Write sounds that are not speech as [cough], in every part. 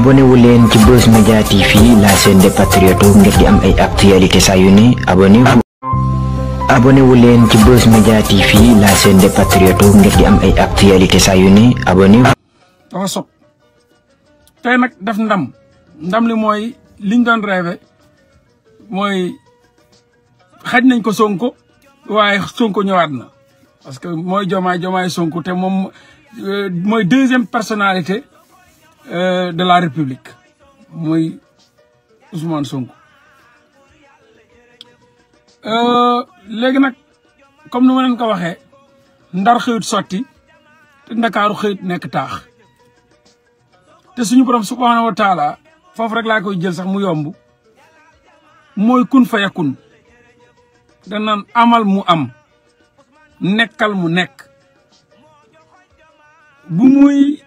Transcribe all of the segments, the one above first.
abonné wu ci Buzz Media TV la chaîne des patriotes ngir di am ay actualité saa yu ne abonné wu. abonné ci Buzz Media TV la chaîne des patriotes ngir di am ay actualité saa yu ne abonné wu. dafa sob tey nag def ndam ndam li mooy liñ doon xaj nañ ko Sonko waaye Sonko ñëwaat na parce que mooy Diomaye Diomaye Sonko te moom euh, mooy deuxième personnalité. Euh, de la république mooy Ousmane Sonko euh, léegi nag comme ni ma leen ko waxee ndar xëyut soti te ndakaaru xëyut nekk taax te suñu borom subhaanahu wa taala foofu rek laa koy jël sax mu yomb mooy kun fayakun danaan amal mu am nekkal mu nekk bu muy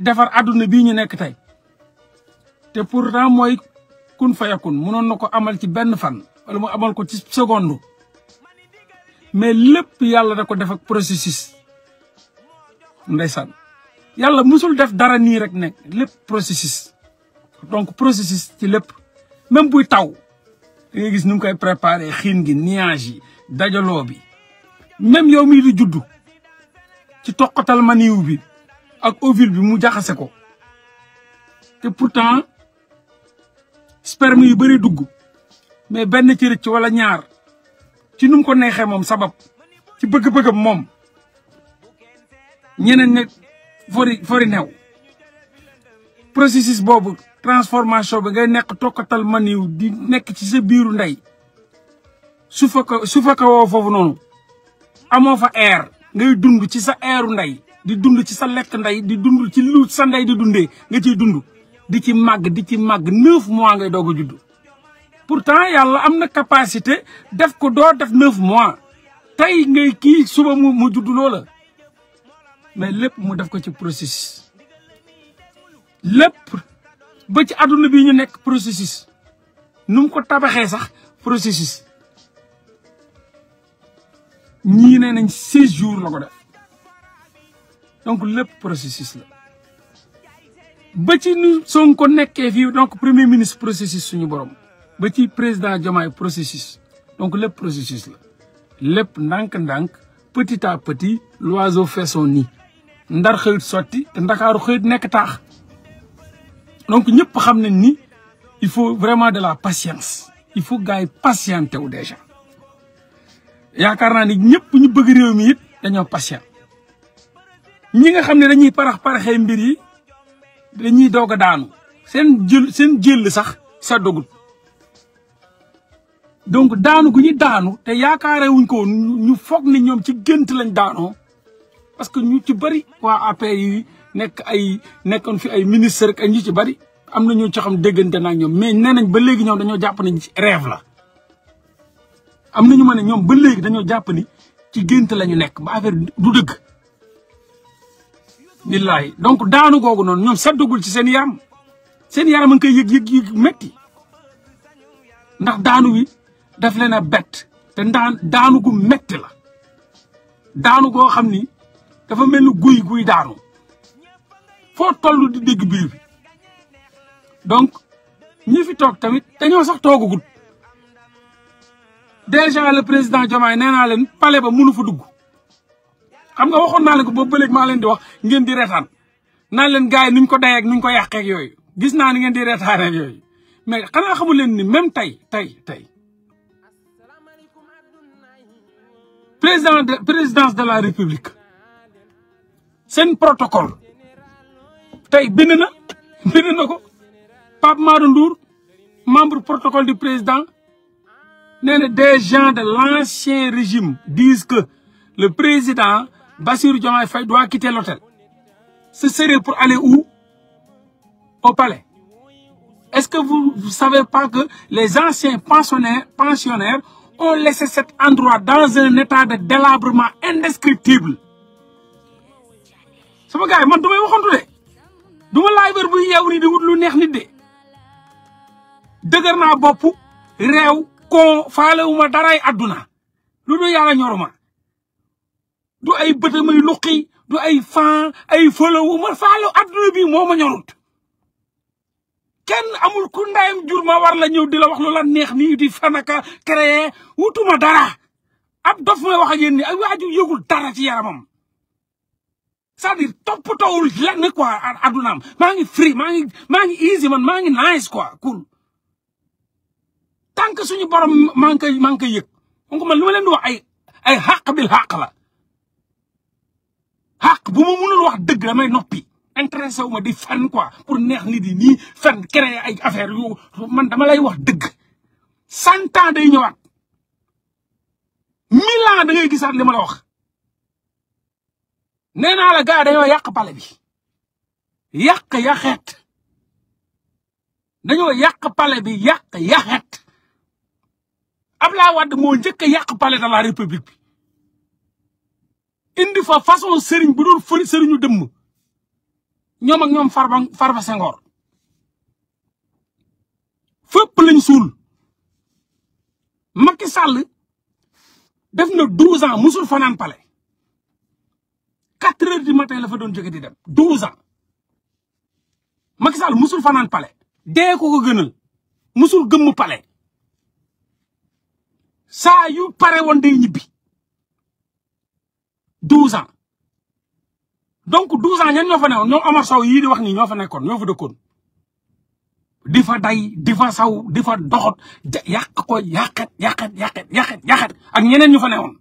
defar àdduna bii ñu nekk tey te pourtant mooy kun fayakun mënoon na ko amal ci benn fan wala mu amal ko ci seconde mais lépp yàlla de ko def ak processus ndeysaan yàlla musul def dara nii rek nekk lépp processus donc processus ci lépp même buy taw da ngay gis nu mu koy préparé xiin gi nuage yi dajaloo bi même yow mii di juddu ci toqatal maniw bi ak ovule bi mu jaxase ko te pourtant sperme yu bëri dugg mais benn ci rëcc wala ñaar ci num ko neexee moom sabab ci bëgg-bëggam moom ñeneen ne fori fori new processus boobu transformation bi ngay nekk tokkatal maniw di nekk ci sa biiru ndey su fa ko su fa woo foofu noonu amoo fa air ngay dund ci sa airu ndey di dund ci sa lekk ndey di dund ci lu sa di dundee nga ciy dund di ci màgg di ci màgg neuf mois ngay doog a judd pourtant yàlla am na capacité def ko doo def neuf mois tey ngay kii suba mu mu judd loola mais lépp mu def ko ci processus lépp ba ci àdduna bi ñu nekk processus nu ko tabaxee sax processus ñii ne nañ six jours la ko def donc lépp processus la ba ci nu Sonko nekkee fii donc premier ministre processus suñu borom ba ci président Diomaye processus donc lépp processus la lépp ndànk-ndànk petit à petit l'oiseau fait son ndar xëyut sotti te ndakaaru xëyut nekk taax donc ñëpp xam nañ ni il faut vraiment de la patience il faut gars yi patienté wu déjà yaakaar naa ni ñëpp ñu bëgg réew mi it dañoo ñi nga xam ne dañuy parax paraxee mbir yi dañuy doog a daanu seen jël seen jël sax seddagut donc daanu gu ñu daanu te yaakaare wuñ ko ñu foog ni ñoom ci gént lañ daanoo parce que ñu ci bëri waa APR yi nekk ay nekkoon fi ay ministre ak ñu ci bari am na ñoo déggante naa ñoom mais nee nañ ba léegi ñoom dañoo jàpp ni ci rêve la. am na ñu ma ne ñoom ba léegi dañoo jàpp ni ci gént lañu nekk ba affaire du dëgg. billahi donc daanu googu noonu ñoom saddugul ci seen yaram seen yaram a ngi koy yëg yëg yëg métti ndax daanu wi daf leen a bett te ndaan daanu gu métti la daanu goo xam ni dafa mel ni guy guy daanu foo toll di dégg bii bi donc ñi fi toog tamit dañoo sax toogagut déjà le président Diomaye nee naa leen palais ba mënu fa dugg xam nga waxoon naa leen ko boobu ba léegi maa leen di wax ngeen di retaan naan leen gars yi nuñ ko dayeeg nuñ ko yàqeeg yooyu gis naa ni ngeen di retaan ak yooyu mais xanaa xamu leen ni même tey tey tey président de présidence de la république seen protocole tey bind na [laughs] bind na ko Pape Madou Ndour membre protocole de président nee na des gens de l'ancien régime disent que le président Bassirou Diomaye Faye doit quitter Ce serait pour aller où Au Est-ce que vous ne savez pas que les anciens pensionnaires, pensionnaires ont laissé cet endroit dans un état de délabrement indescriptible sama gars yi man du du ma buy yeew di wut lu neex nit de dëgër naa bopp réew koo faale wu ma daray adduna lu dul yàlla ñoruma du ay bëtamay luqi du ay fan ay folowu ma faalo adduna bi moo ma ñorut kenn amul ku ndayam jur ma war la ñëw di la wax lu la neex nii di fanaka créer wutuma dara ab dof may wax ak yéen ni ay waaju yëgul dara ci yaramam c'est-à-dire toppatoowul lenn quoi addunaam maa ngi free maa ngi maa ngi easy man maa ngi nice quoi cool suñu borom maa ngi koy maa ngi koy yëg donc man li ma leen di wax ay ay xàq bil xàq la xaq bu ma mënul wax dëgg damay noppi intéressé wu ma di fenn quoi pour neex di yi nii fenn créer ay affaire yu man dama lay wax dëgg cent ans day ñëwaat mille ans da ngay gisaat li ma la wax nee naa la gars dañoo yàq pale bi yàq yaxeet dañoo yàq pale bi yàq yaxeet Abdoulaye Wade moo njëkk a yàq palais de la bi indi fa façon sëriñ bu dul fëri seriñu dëmm ñoom ak ñoom farba farba sengoor fépp lañ suul Macky Sall def na douze ans musul fanaan pale quatre heures du matin la fa doon jóge di dem douze ans Macky Sall musul fanaan pale dee ko ko gënal musul gëmm pale saa yu pare woon ñibbi douze ans donc douze ans ñen ñoo fa newoon ñoom Omar Sow yii di wax nii ñoo fa nekkoon ñoo fa dëkkoon fa day di saw difa fa doxot yàq ko yàqet yàqet yàqet yàqet yàqet ak ñeneen ñu fa newoon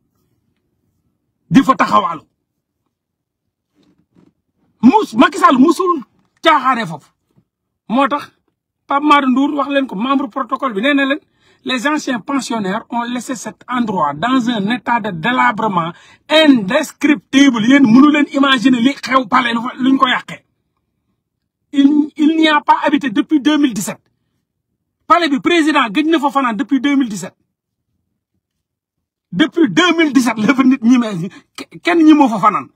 di fa taxawaalu mus Macky Sall musul caaxaaree foofu moo tax Pape Mara Ndour wax leen ko membre protocole bi nee les anciens pensionnaires ont laissé cet endroit dans un état de délabrement indescriptible yéen mënu leen imaginer li xew palais luñ ko yàqee il il n'y a pas habité depuis 2017 palais bi président gëj na fa fanaan depuis 2017 depuis 2017 la fa nit ñi mee kenn ñi moo fa fanaan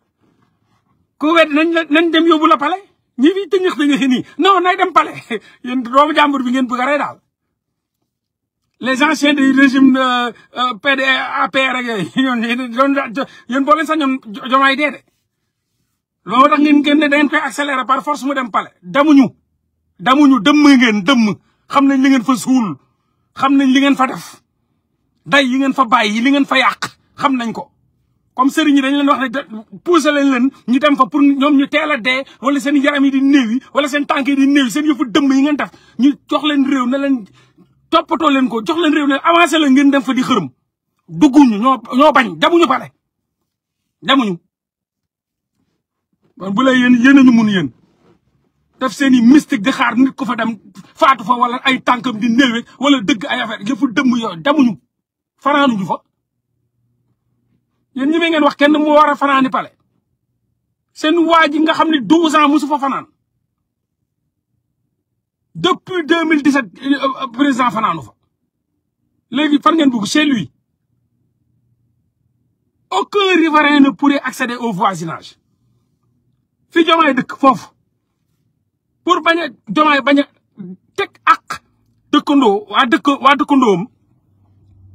ku wedd nañ nañ dem yóbbu la palais ñi fi tëñëx tëñëxi nii non nay dem palais [laughs] yéen doomu jàmbur bi ngeen bëgg a rey daal les anciens du régime euh, PD APR ak yooyu yoon yéen boo leen sax ñoom jomaay dee de loolu tax ngeen ngeen ne da ngeen koy par force mu dem pale damuñu damuñu dëmm ngeen dëmm xam nañ li ngeen fa suul xam nañ li ngeen fa def day yi ngeen fa bàyyi li ngeen fa yàq xam nañ ko comme sëriñ yi dañ leen wax ne poussé lañ leen ñu dem fa pour ñoom ñu teel a dee wala seen yaram yi di néew yi wala seen tànk yi di néew yi seen yëfu yi ngeen def ñu jox leen réew na leen toppatoo leen ko jox leen réew ne avancé la ngeen dem fa di xërëm dugguñu ñoo ñoo bañ demuñu pare demuñu man bu lay yéen yéen a ñu mun yéen def seen i mystique di xaar nit ku fa dem faatu fa wala ay tànkam di néewe wala dëgg ay affaire yëfu dëmm yooyu demuñu fanaanuñu fa yéen ñi ngeen wax kenn mu war a fanaani pale seen waa ji nga xam ne douze ans mosu fa fanaan depuis 2017 euh, euh, président fanaanu fa léegi fan ngeen bugg chez lui aucun riverain ne pourrait accéder au voisinage fi jomaay dëkk foofu pour bañ a jomaay bañ a ak dëkkandoo waa dëkk waa dëkkandoom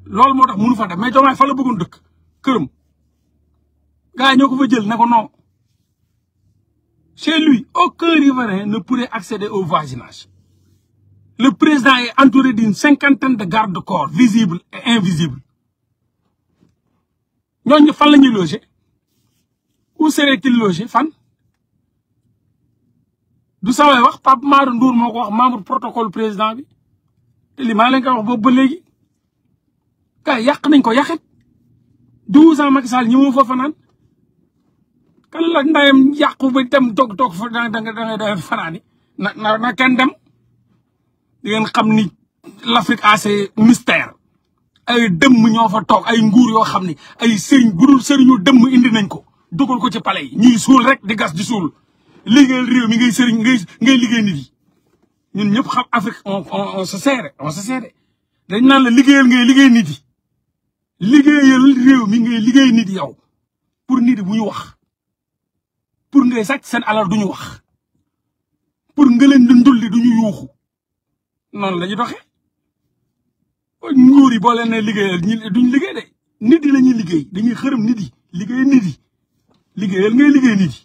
loolu moo tax mënu fa def mais jomaay fa la bëggoon dëkk këram gars yi ñoo ko fa jël ne ko non chez lui aucun riverain ne pourrait accéder au voisinage le président est entouré d'une cinquante de garde-corps visibles et invisibles ñooñu fan la ñuy loger où serait-il logé fan du samay wax Pape Mamadou Ndour moo ko wax membre protocole président bi te li maa leen ko wax boobu ba léegi kay yàq nañ ko yàqit douze ans Macky Sall fa fanaan kan la ndayam yàqu ba dem toog toog fa danga danga danga fanaan na na dem di ngeen xam ni l'Afrique a ses mystères ay dëmm ñoo fa toog ay nguur yoo xam ne ay sëriñ bu dul sëriñu dëmm indi nañ ko dugal ko ci palais yi ñuy suul rek di gas di suul liggéeyal réew mi ngay sëriñ ngay ngay liggéey nit ñun ñëpp xam Afrique on on se serre on se dañ naan la liggéeyal ngay liggéey nit yi liggéeyal réew mi ngay liggéey nit yow pour nit yi bu ñu wax pour ngay sàcc seen alal du ñu wax pour nga leen di du ñu yuuxu noonu la ñu doxee nguur yi boo leen ne liggéeyal ñi duñ liggéey de nit yi la ñuy liggéey dañuy xërëm nit yi liggéey nit yi liggéeyal ngay liggéey nit yi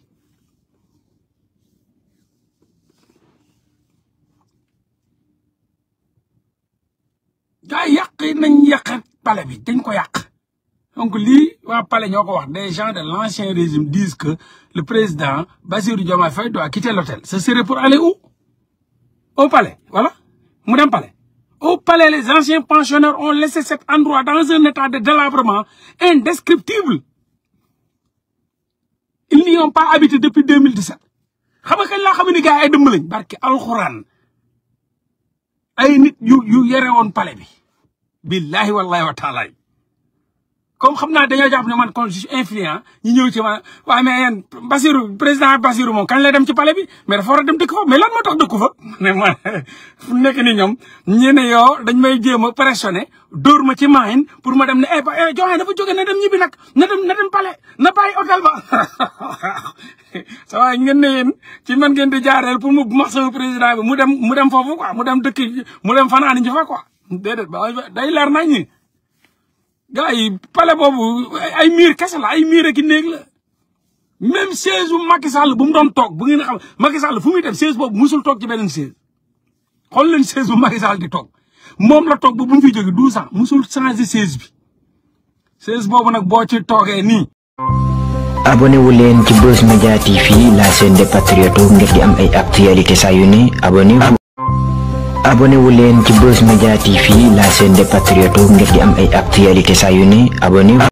gaa yàq nañ yàq palais bi dañ ko yàq donc lii wa palais ñoo ko wax des gens de l'ancien régime disent le président Bassirou Diomaye Faye doit quitter l'hôtel ce serait pour aller où au mu dem pale au pale les anciens pensionnaires ont laissé cet endroit dans un état de délabrement indescriptible ils n'y ont pas habité depuis 2017 xam nga kañ laa xam ne gars a ay dëmb lañ barki alxuraan ay nit yu yu yore woon palais bi billahi wallahi wa taala comme xam naa dañoo jàpp ne man kon je suis influent ah, ñu ñëw ci ma waaye mais yéen Basirou président Basirou moom kañ la dem ci palais bi mais dafa dem dëkk fa mais lan moo tax dëkku fa [laughs] ne ma fu nekk ni ñoom ñi ne yow dañ may jéem a pressionné dóor ma ci maayin pour ma dem ne eh Diomaye eh, dafa jóge na dem ñibbi nag na dem na dem palais na bàyyi hôtel ba [laughs] sa waay ngeen ne yéen ci man ngeen di jaareel pour mu masawu président mu dem mu dem foofu quoi mu dem dëkk mu dem fanaani ji fa quoi déedéet ba day leer nañ ñi gars yi palais boobu ay miir kese la ay miir ak i néeg la même siège bu Macky bu mu doon toog bu ngeen xam Macky Sall fu muy dem siège boobu musul toog ci beneen siège xool leen siège bu Macky Sall di toog moom la toog ba bu ñu fiy jógee douze ans musul changé siège bi siège boobu nag boo ci toogee nii. abonnez-vous leen ci Buzz Media TV la chaîne des patriotes ngir di am ay actualité saa yu ne abonewu wu leen ci Buzz Media fii la seen de patriotes ngir di am ay actualité saa yu ne abonné